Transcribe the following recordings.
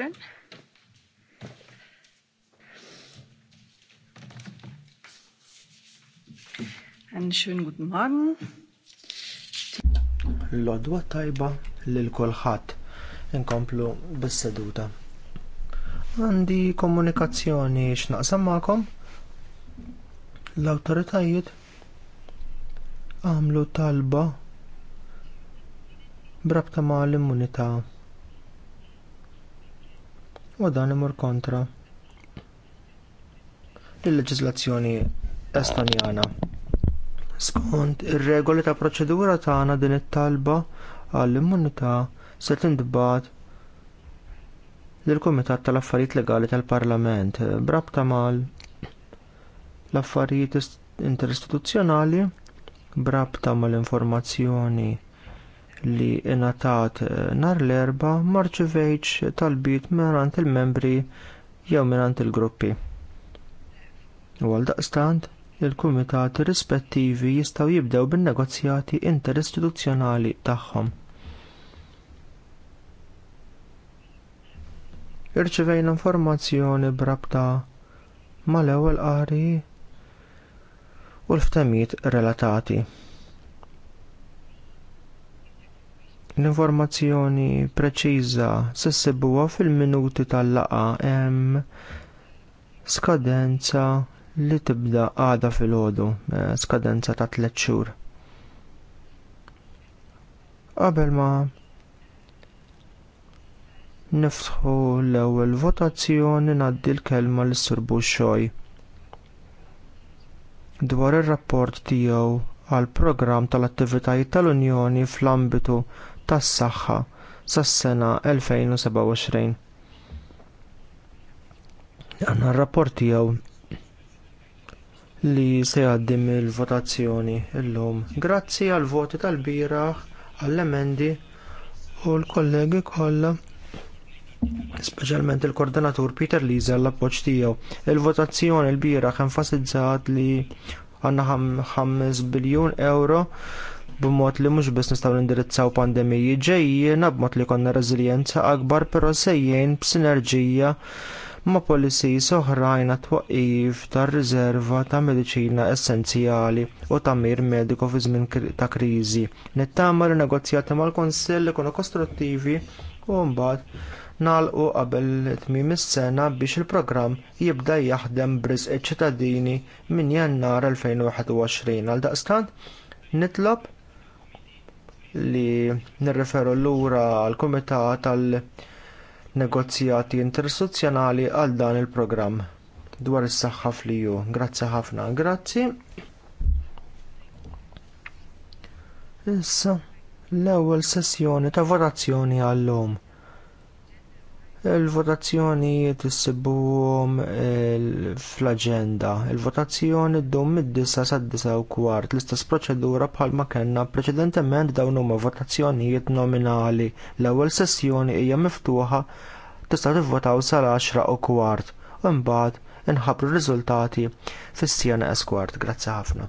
Commission. Einen schönen guten Morgen. l tajba lil kulħadd inkomplu bis-seduta. Għandi komunikazzjoni x'naqsam magħkom. L-awtoritajiet għamlu talba brabta ma l-immunità u dan imur kontra il-leġiżlazzjoni estonjana. Skont ir-regoli ta' proċedura tagħna din it-talba għall-immunità se tindbat lill-Kumitat tal-Affarijiet Legali tal-Parlament brabta mal l-affarijiet interistituzzjonali brabta mal-informazzjoni li ingħatat eh, nhar l-erba marċivejċ talbit mingħand il-membri jew mingħand il-gruppi. U għaldaqstant, il-kumitati rispettivi jistgħu jibdew bin-negozjati interistituzzjonali tagħhom. Irċivejna informazzjoni brabta mal-ewwel qari u l-ftemijiet relatati. L-informazzjoni preċiża se ssibuha fil-minuti tal laqgħa hemm skadenza li tibda għada filgħodu, eh, skadenza ta' tliet xhur. Qabel ma niftħu l-ewwel votazzjoni ngħaddi l-kelma lis surbu xoj dwar ir-rapport tiegħu għall programm tal-attivitajiet tal-Unjoni fl-ambitu tas-saħħa sas-sena 2027. Għanna r-rapport tiegħu li se jgħaddim il-votazzjoni llum. Grazzi għall voti tal-biraħ, għall-emendi u l-kollegi kollha, speċjalment il-koordinatur Peter Liza l-appoġġ tiegħu. Il-votazzjoni l-biraħ enfasizzat li għandna 5 biljun euro b'mod li mhux biss nistgħu nindirizzaw pandemiji ġejjiena b'mod li jkollna reżiljenza akbar però sejjien b'sinerġija ma' policies oħrajn għat-twaqqif tar-riserva ta' mediċina essenzjali u ta' mir mediku fi żmien ta' kriżi. Nittama li negozjati mal-Kunsill ikunu kostruttivi u mbagħad nagħlqu qabel tmiem is-sena biex il-programm jibda jaħdem b'riżq iċ-ċittadini minn jannar 2021 għal daqstant nitlob li nirreferu lura għall kumitat tal negozjati intersozzjonali għal dan il-programm dwar is-saħħa fl-EU. Grazzi ħafna, grazzi. Issa, l-ewwel sessjoni ta' votazzjoni għallum il-votazzjoni tissibuhom eh, fl-aġenda. Il-votazzjoni ddum mid-disa sa' disa u kwart l-istess proċedura bħalma kellna preċedentement dawn huma votazzjonijiet nominali. L-ewwel sessjoni hija miftuħa tista' tivvotaw sal-10 u kwart. Imbagħad inħabru r-riżultati fis-sija neqes kwart. Grazzi ħafna.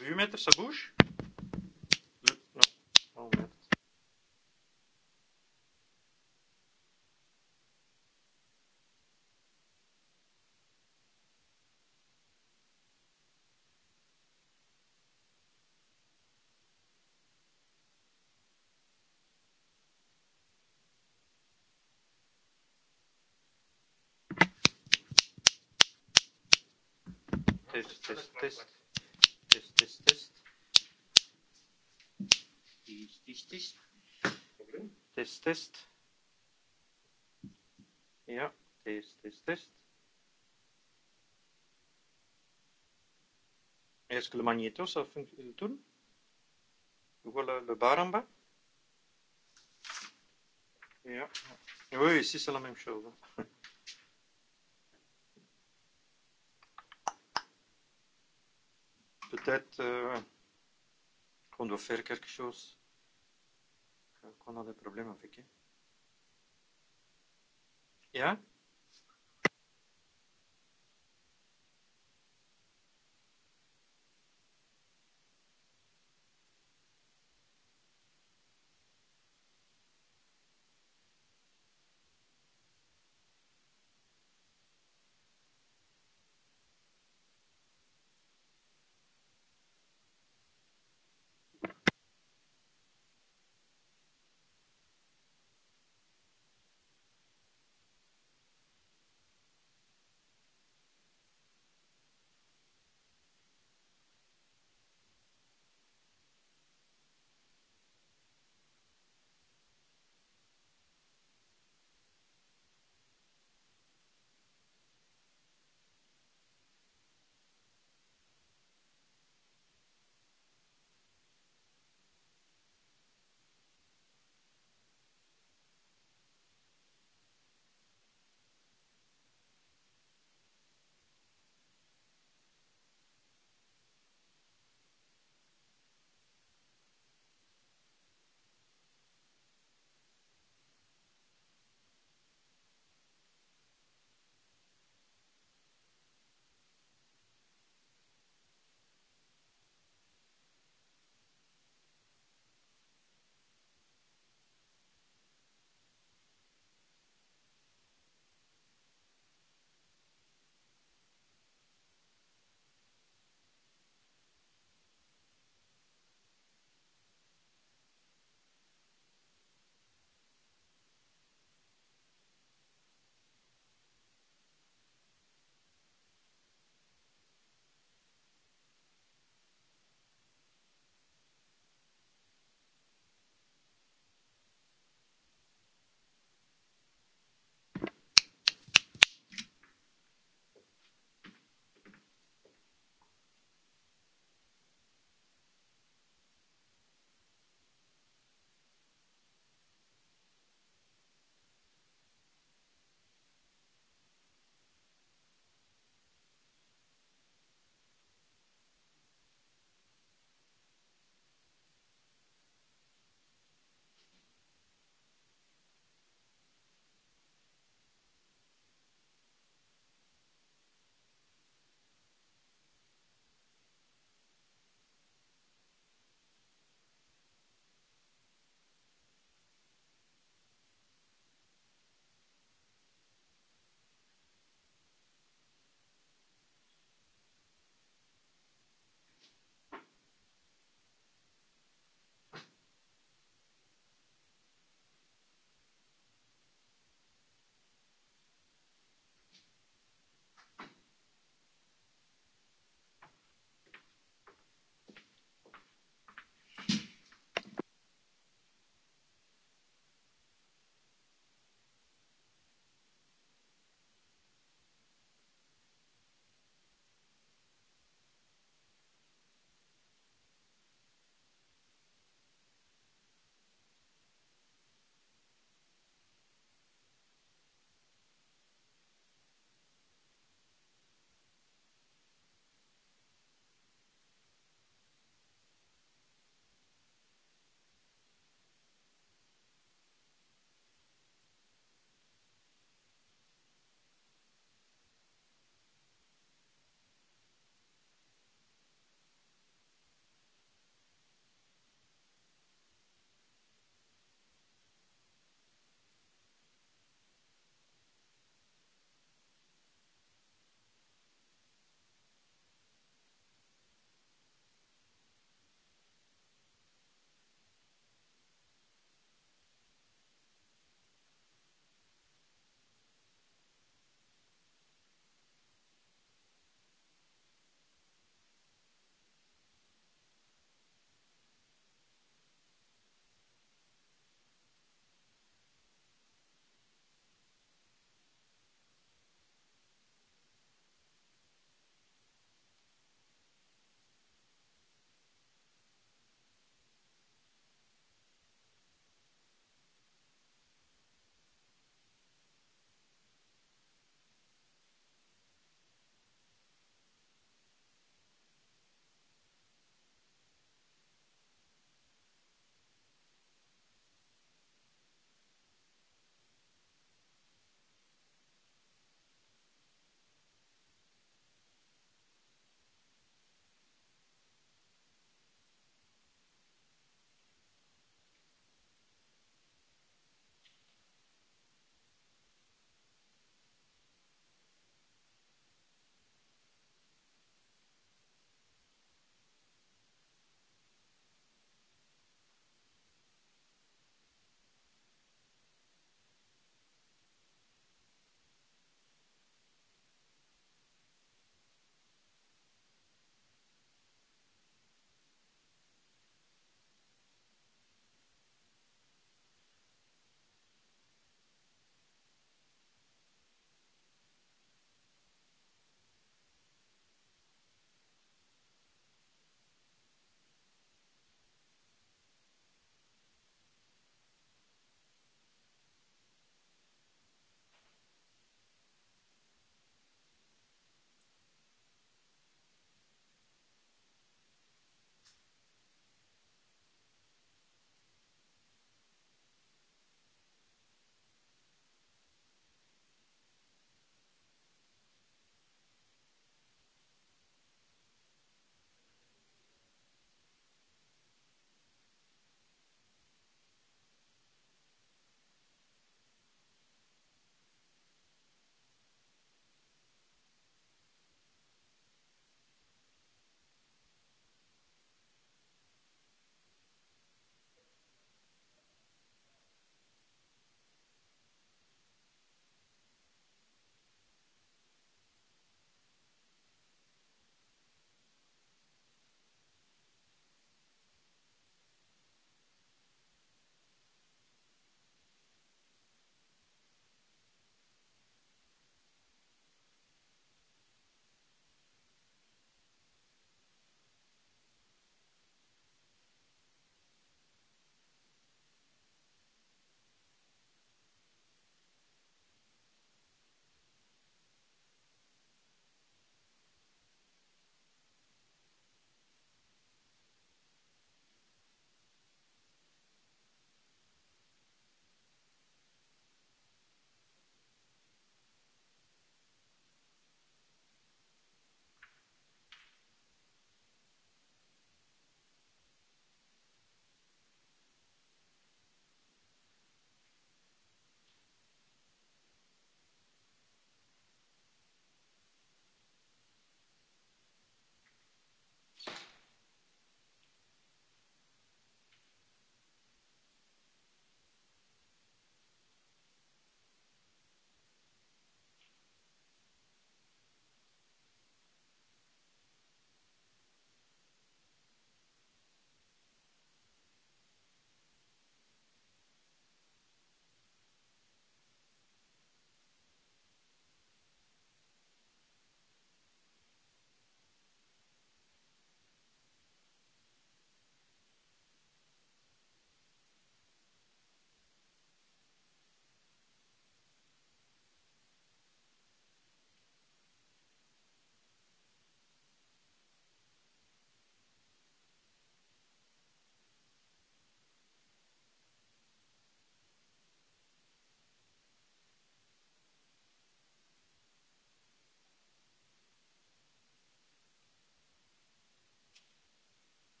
Vimet pouvez sa bouche test, test, test test, test, test. Test, test, test. Test, test. Ja, test, test, test. Est-ce que le magnéto, ça il tourne Voilà le bar en Ja. Oui, ici c'est la même chose. Peut-être euh, qu'on doit faire quelque chose, qu'on a des problèmes avec eux. Yeah?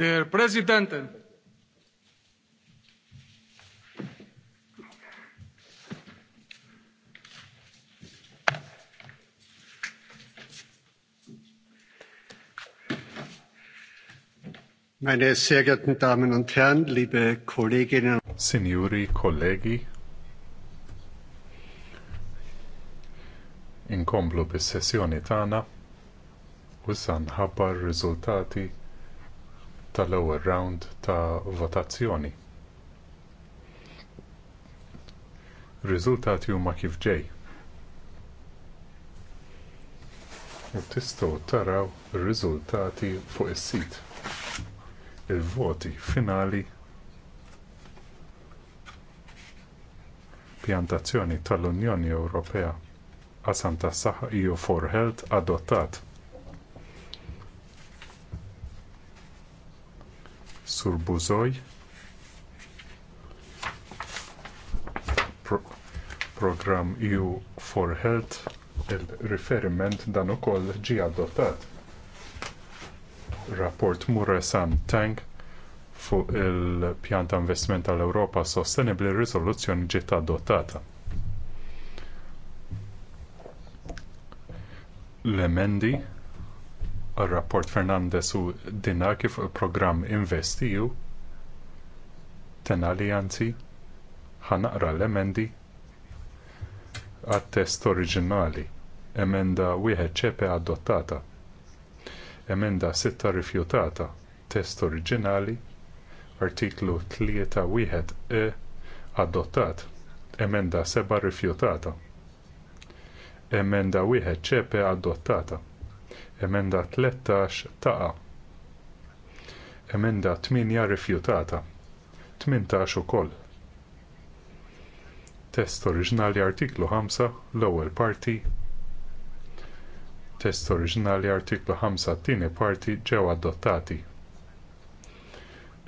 Der Präsidentin! Meine sehr geehrten Damen und Herren, liebe Kolleginnen und Signori, Kollegi, inkomplu bis-sessjoni tagħna u issa nħabbar riżultati tal-ewwel round ta' votazzjoni. Riżultati huma kif ġej. U tistgħu taraw ir-riżultati fuq is-sit. Il-voti finali pjantazzjoni tal-Unjoni Ewropea qasam tas-saħħa EU for Health adottat. Sur Buzoj. program EU for Health, il-riferiment dan ukoll ġie adottat. Rapport Muresan Tank fuq il-pjan ta' investiment tal ewropa sostenibli riżoluzzjoni ġiet adottata. L-emendi rapport Fernandez u dinna kif il-programm investiju tena li anzi ħanaqra l-emendi għat-test oriġinali emenda wieħed ċepe adottata emenda sitta rifjutata test oriġinali artiklu 3 wieħed e adottat emenda seba' rifjutata emenda wieħed ċepe adottata Emenda 13 taqa. Emenda 8 rifjutata. 18 ukoll. Test oriġinali artiklu 5 l-ewwel parti. Test oriġinali artiklu 5 t-tieni parti ġew adottati.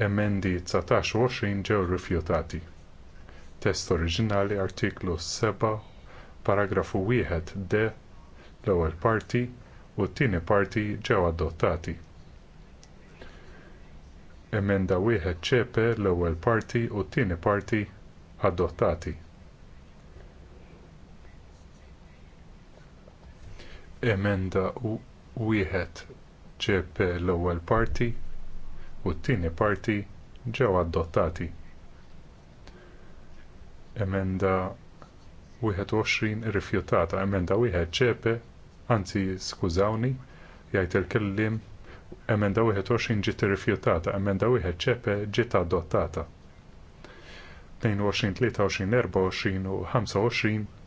Emendi 19 u 20 ġew rifjutati. Test oriġinali artiklu 7 paragrafu 1 d l-ewwel parti u t-tieni parti ġew adottati. Emenda wieħed ċepe l-ewwel parti u t-tieni parti adottati. Emenda wieħed ċepe l-ewwel parti u t-tieni parti ġew adottati. Emenda 21 rifjutata. emenda wieħed ċepe anzi skużawni, jgħid il-kellim emenda 21 ġiet irrifjutata, emenda wieħed ċepe ġiet adottata. 22, 23, 24 u 25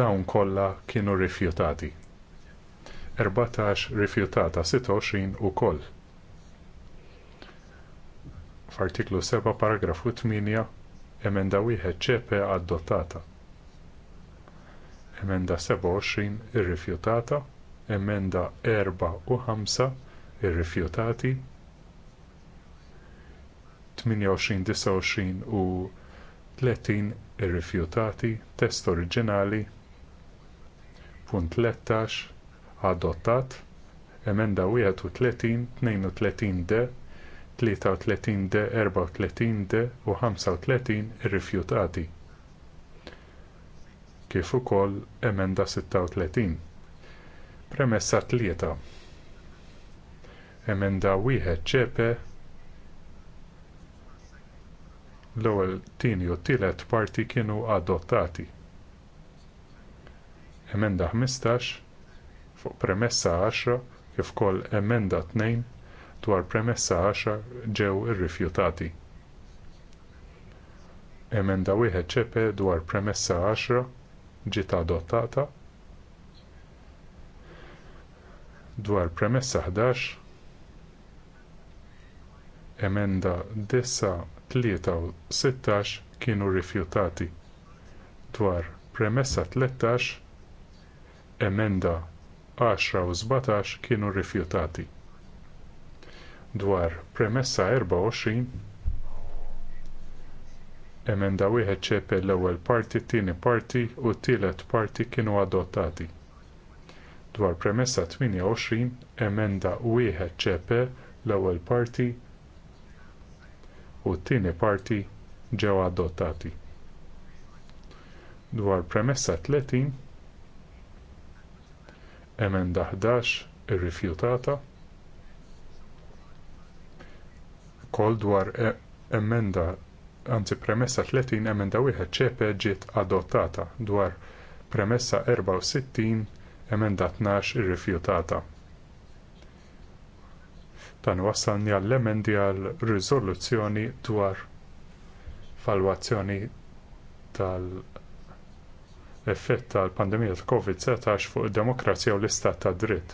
dawn kollha kienu rrifjutati. 14 rifjutata, 26 ukoll. F'artiklu 7 paragrafu 8 emenda wieħed ċepe adottata emenda 27 irrifjutata, emenda 4 irrifjutati, 28, 29 u 30 irrifjutati, test oriġinali, punt 13 adottat, emenda 31, 32 d, 33 d, 34 d u 35 irrifjutati kif ukoll emenda 36. Premessa tlieta. Emenda wieħed ċepe l-ewwel tieni u tielet parti kienu adottati. Emenda 15 fuq premessa 10 kif ukoll emenda 2 dwar premessa 10 ġew irrifjutati. Emenda wieħed ċepe dwar premessa 10 ġita adottata dwar premessa 11 emenda 9, 16 kienu rrifjutati dwar premessa 13 emenda 10 u 17 kienu rrifjutati dwar premessa 24 Emenda wieħed ċepe l-ewwel parti, tieni parti u t-tielet parti kienu adottati. Dwar premessa 28, emenda wieħed ċepe l-ewwel parti u t-tieni parti ġew adottati. Dwar premessa 30, emenda 11 irrifjutata kol dwar e emenda anzi premessa 30 emenda wieħed ċepe ġiet adottata dwar premessa 64 emenda 12 irrifjutata. Dan wassalni għall emendi għal riżoluzzjoni dwar valwazzjoni tal-effett tal-pandemija tal-COVID-19 fuq id demokrazija u l-istat tad dritt.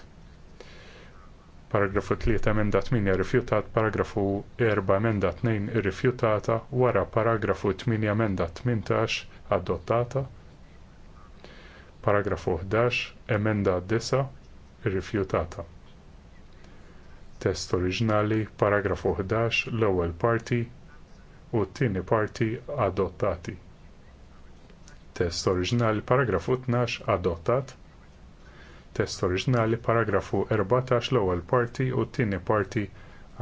Paragrafu 3 emenda 8 irrifjutat, paragrafu 4 emenda 2 irrifjutata, wara paragrafu 8 emenda 18 adottata, paragrafu 11 emenda 9 irrifjutata. Test oriġinali, paragrafu 11, l-ewwel parti u t-tieni parti adottati. Test oriġinali, paragrafu 12 adottat, test oriġinali paragrafu 14 l-ewwel parti u t-tieni parti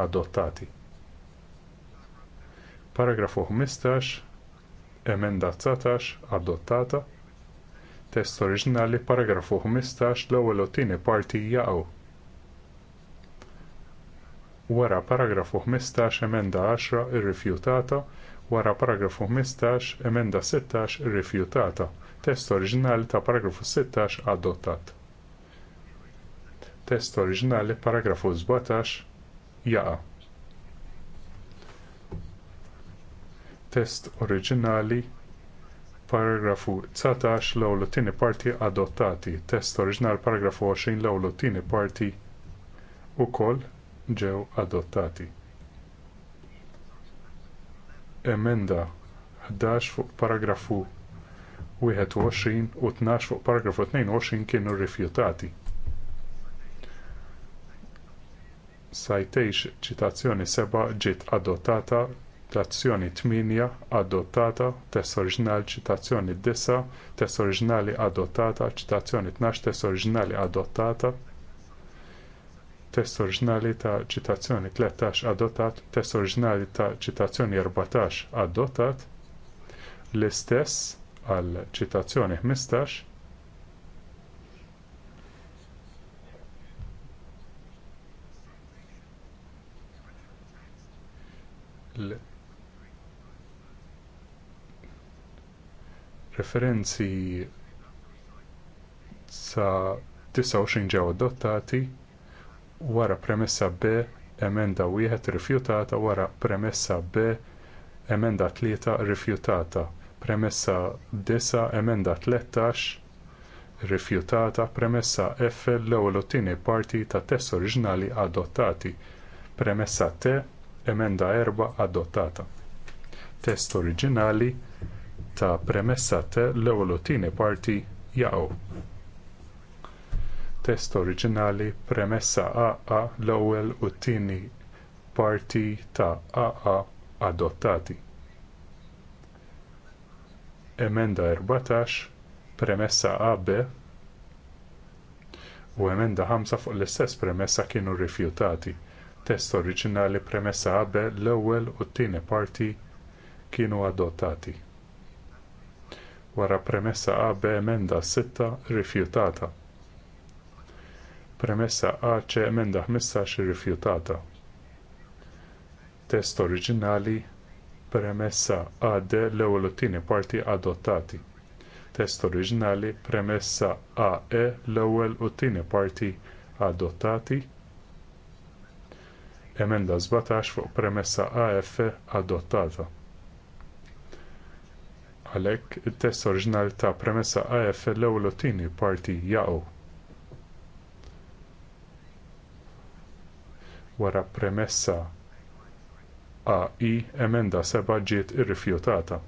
adottati. Paragrafu 15 emenda 19 adottata. Test oriġinali paragrafu 15 l-ewwel u t-tieni parti jaqgħu. Wara paragrafu 15 emenda 10 irrifjutata, wara paragrafu 15 emenda 16 irrifjutata. Test oriġinali ta' paragrafu 16 adottat test oriġinali paragrafu 17 jaqa. Test oriġinali paragrafu 19 l-ewwel tieni parti adottati. Test oriġinali paragrafu 20 l-ewwel tieni parti wkoll ġew adottati. Emenda 11 fuq paragrafu 21 u 12 fuq paragrafu 22 kienu rrifjutati. sajtejx ċitazzjoni seba' ġiet adottata, ċitazzjoni 8 adottata, test oriġinali ċitazzjoni disa', test oriġinali adottata, ċitazzjoni tnax, test oriġinali adottata, test oriġinali ta' ċitazzjoni 13 adottat, test oriġinali ta' ċitazzjoni 14 adottat, l-istess għal ċitazzjoni 15, referenzi sa 29 ġew adottati wara premessa B emenda wieħed rifjutata wara premessa B emenda tlieta rifjutata premessa disa emenda 13 rifjutata premessa F l-ewwel u tieni parti tat test oriġinali adottati premessa T emenda erba adottata. Test oriġinali ta' premessa l-ewwel tieni parti jaqgħu. Test oriġinali premessa AA l-ewwel u t-tieni parti ta' AA adottati. Emenda 14 premessa AB u emenda 5 fuq l-istess premessa kienu rrifjutati test oriġinali premessa qabel l-ewwel u t-tieni parti kienu adottati. Wara premessa qabel emenda sitta rifjutata. Premessa għace emenda 15 irrifjutata. Test oriġinali premessa għadde l-ewwel u t-tieni parti adottati. Test oriġinali premessa AE l-ewwel u t-tieni parti adottati emenda 17 fuq premessa AF adottata. Għalhekk it-test oriġinali ta' premessa AF l-ewwel u tieni parti jaqgħu. Wara premessa AI emenda seba' ġiet irrifjutata.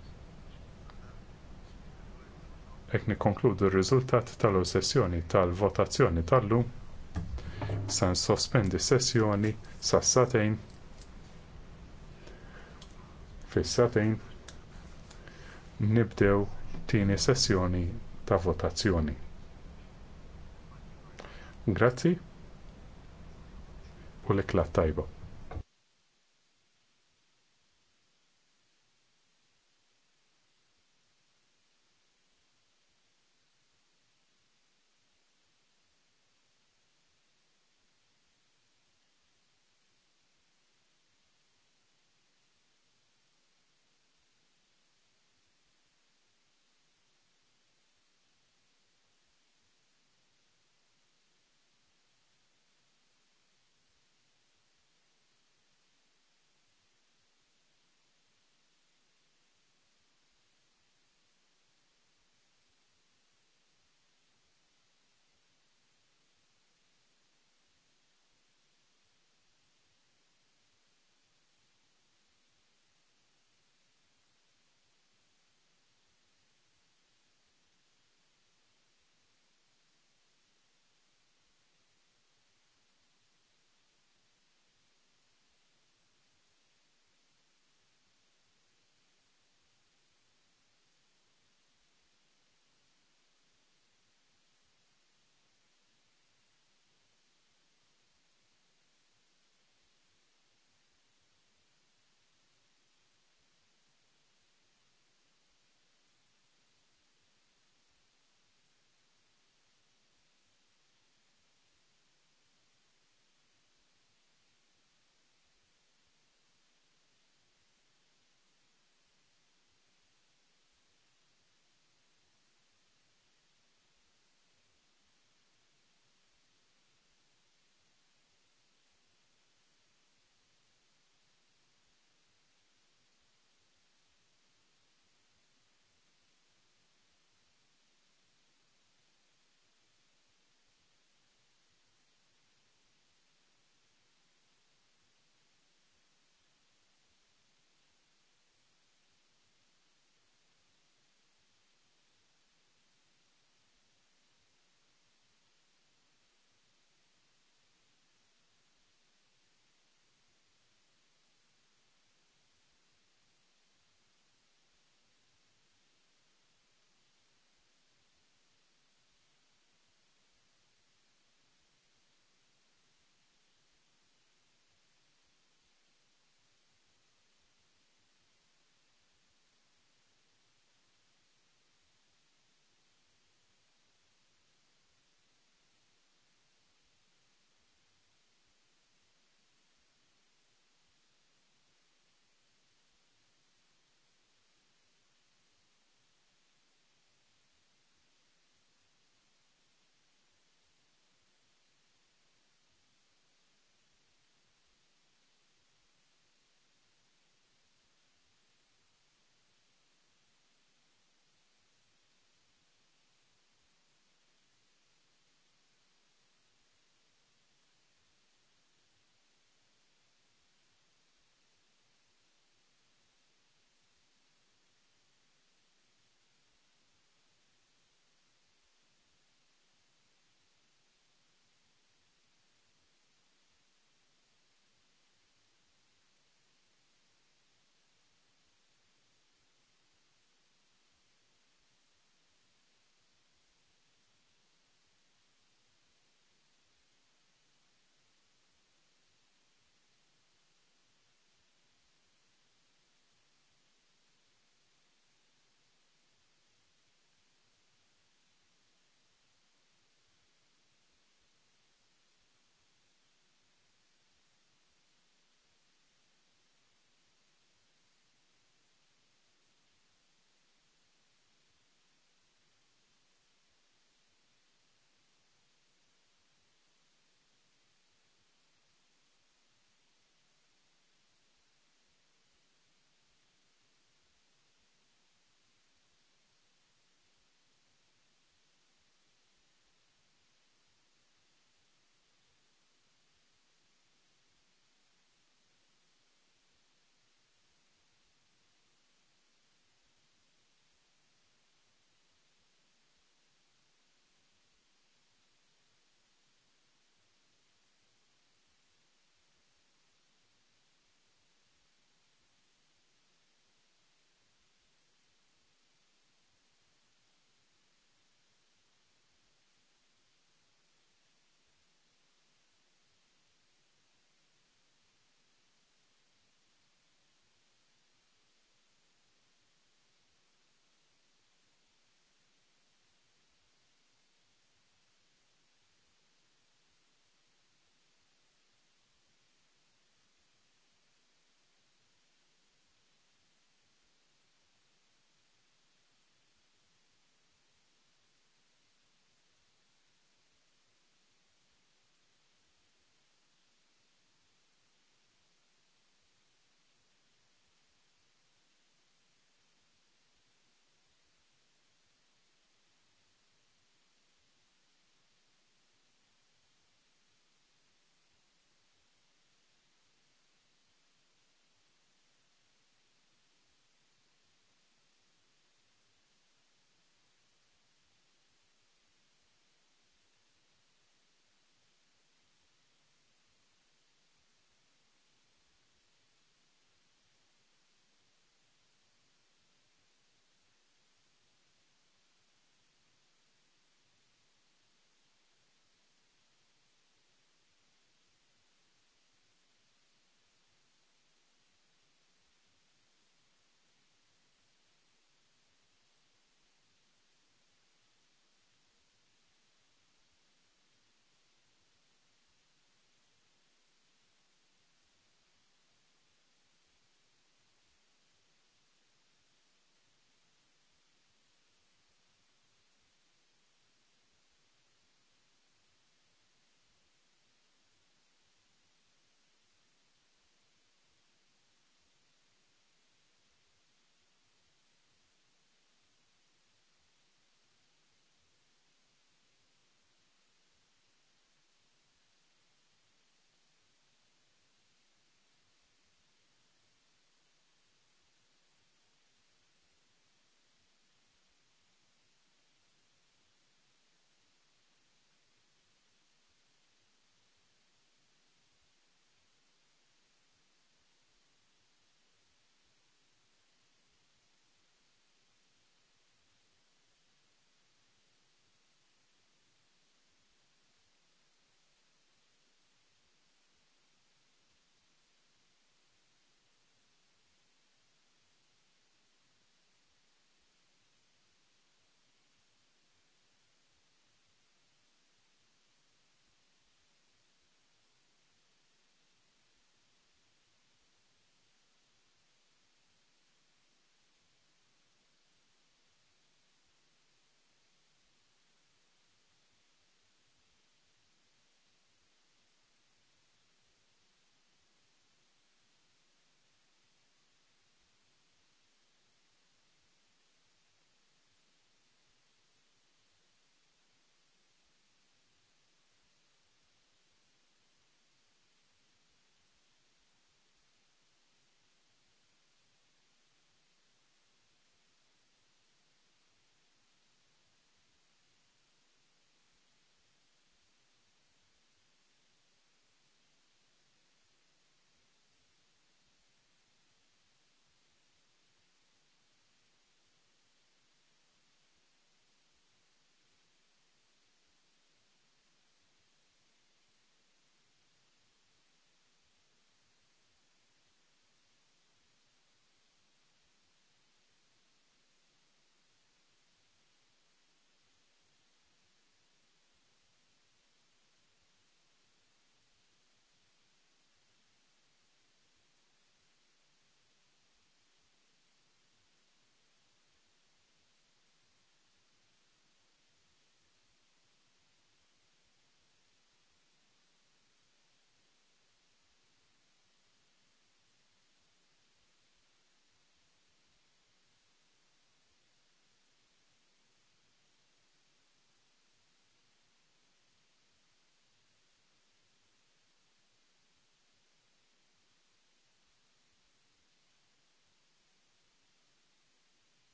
Hekk nikkonkludu r-riżultat tal tal-għo-sessjoni tal-votazzjoni tal-lum sa nsospendi sessjoni sa satejn fis-satejn nibdew tieni sessjoni ta' votazzjoni. Grazzi u l-iklat tajba.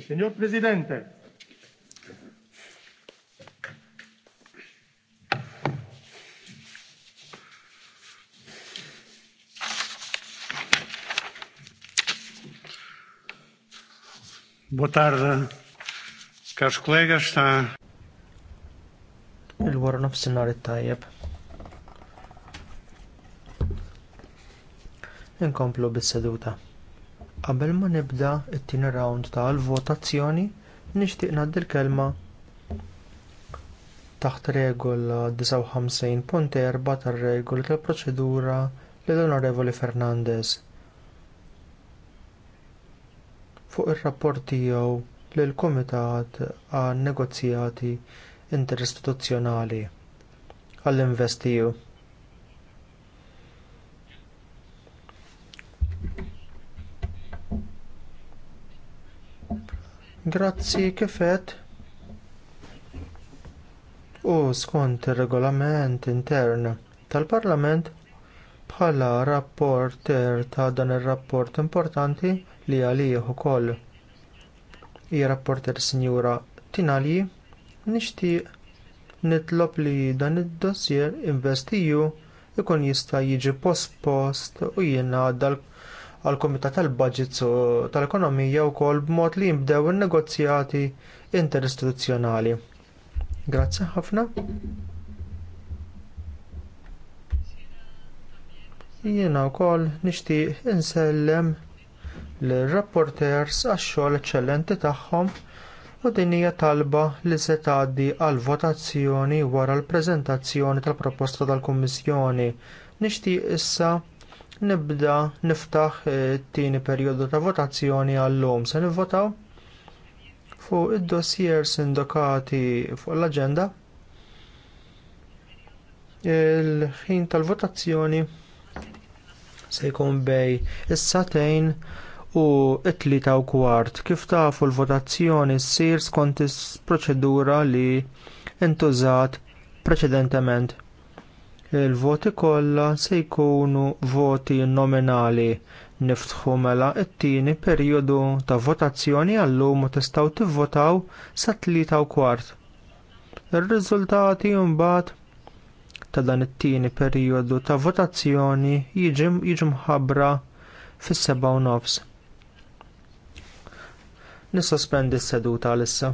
Signor Presidente, Boa tarde, caros colegas. Está... Il-wara nofsinhar it-tajjeb. Inkomplu bis-seduta. Qabel ma nibda t tieni round tal-votazzjoni, nixtieq ngħaddi l-kelma taħt regola 59.4 tar-regoli tal-proċedura lill-Onorevoli Fernandez. Fuq ir-rapport tiegħu lill-Kumitat għan negozjati interistituzzjonali għall-investiju. Grazzi kifet. U skont ir regolament intern tal-Parlament bħala rapporter ta' dan ir-rapport importanti li għalih ukoll I rapporter sinjura Tinali nixtieq nitlob li dan id-dossier investiju ikun jista' jiġi postpost u jiena dal l għal kumitat tal-Budget tal-Ekonomija wkoll b'mod li jimbdew in-negozjati interistituzzjonali. Grazzi ħafna. Jiena wkoll nixtieq insellem l-rapporters għax-xogħol eċċellenti tagħhom u din hija talba li se tgħaddi għal votazzjoni wara l-preżentazzjoni tal-proposta tal-Kummissjoni. Nixtieq issa nibda niftaħ it-tieni eh, perjodu ta' votazzjoni għallum se nivvotaw fuq id-dossiers indokati fuq l-aġenda. Il-ħin tal-votazzjoni se jkun bej is-satejn u t tlieta u kwart kif tafu l-votazzjoni ssir skont is-proċedura li intużat preċedentement il-voti kollha se jkunu voti nominali niftħu mela t-tieni perjodu ta' votazzjoni għallum u tistgħu tivvotaw sa tlieta u kwart. Ir-riżultati mbagħad ta' dan it-tieni perjodu ta' votazzjoni jiġi mħabbra fis 7 nofs. Nissospendi s-seduta għalissa.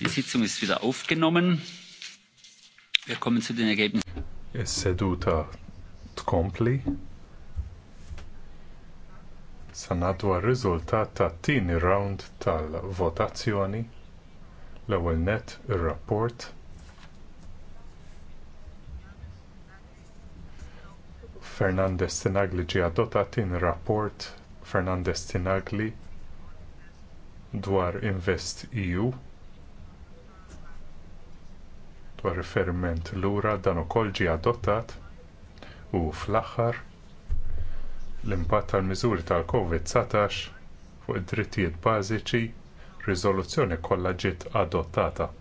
Die Sitzung ist wieder aufgenommen. Wir kommen zu den Ergebnissen. seduta tkompli. Sanadwa r-riżultat ta' tieni round tal-votazzjoni. L-ewwel net ir-rapport Fernandez Tinagli ġie adottat in rapport Fernandez Tinagli dwar Invest EU dwar riferiment lura dan ukoll ġie adottat u fl-aħħar l-impatt tal-miżuri tal-COVID-19 fuq id-drittijiet bażiċi riżoluzzjoni kollha ġiet adottata.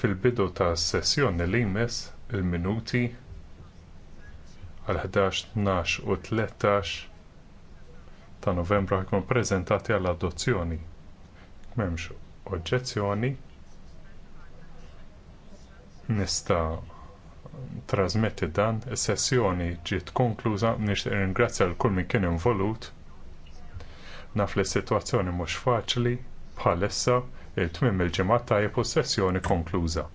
fil-bidu tas sessjoni li jmiss il-minuti għal 11, u 13 ta' novembru jkunu ppreżentati għall adozzjoni. M'hemmx oġġezzjoni nista' trasmetti dan, is-sessjoni ġiet konkluża nixtieq ringrazzja l kull min kien involut. Naf li s-sitwazzjoni mhux faċli bħalissa il tmiem il-ġimgħa tajjeb u s-sessjoni konkluża.